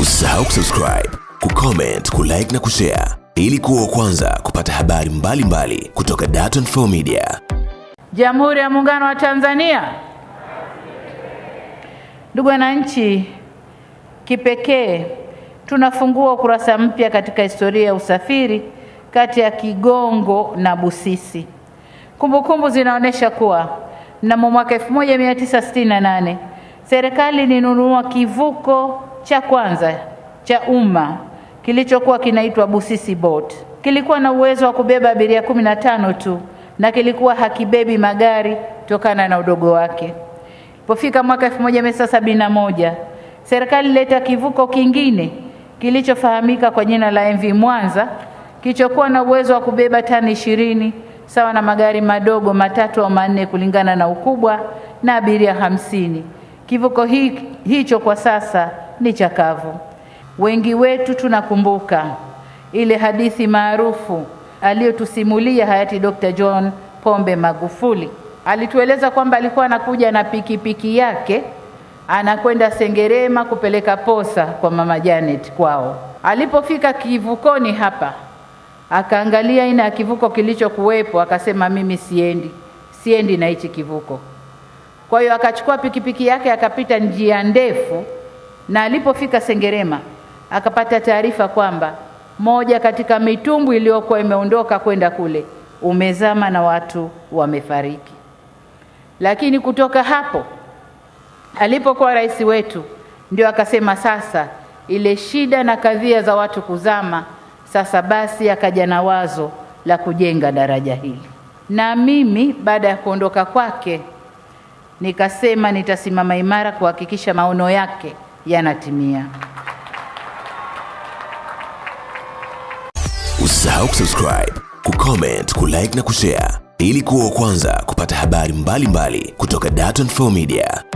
Usisahau kusubscribe, kucomment, kulike na kushare ili kuwa kwanza kupata habari mbalimbali mbali kutoka Dar24 Media. Jamhuri ya Muungano wa Tanzania. Ndugu wananchi, kipekee tunafungua ukurasa mpya katika historia ya usafiri kati ya Kigongo na Busisi. Kumbukumbu zinaonyesha kuwa mnamo mwaka 1968 serikali ilinunua kivuko cha kwanza cha umma kilichokuwa kinaitwa Busisi Boat kilikuwa na uwezo wa kubeba abiria kumi na tano tu na kilikuwa hakibebi magari kutokana na udogo wake. Ilipofika mwaka moja serikali ileta kivuko kingine kilichofahamika kwa jina la MV Mwanza kilichokuwa na uwezo wa kubeba tani ishirini sawa na magari madogo matatu au manne kulingana na ukubwa na abiria hamsini. Kivuko hicho kwa sasa ni chakavu. Wengi wetu tunakumbuka ile hadithi maarufu aliyotusimulia hayati Dr. John Pombe Magufuli. Alitueleza kwamba alikuwa anakuja na pikipiki piki yake anakwenda Sengerema kupeleka posa kwa mama Janet kwao. Alipofika kivukoni hapa, akaangalia aina ya kivuko kilichokuwepo, akasema mimi siendi, siendi na hichi kivuko. Kwa hiyo akachukua pikipiki yake akapita njia ndefu, na alipofika Sengerema akapata taarifa kwamba moja katika mitumbwi iliyokuwa imeondoka kwenda kule umezama na watu wamefariki. Lakini kutoka hapo alipokuwa rais wetu ndio akasema sasa ile shida na kadhia za watu kuzama, sasa basi akaja na wazo la kujenga daraja hili. Na mimi baada ya kuondoka kwake nikasema nitasimama imara kuhakikisha maono yake yanatimia. Usisahau kusubscribe, kucomment, kulike na kushare ili kuwa wa kwanza kupata habari mbalimbali mbali kutoka Dar24 Media.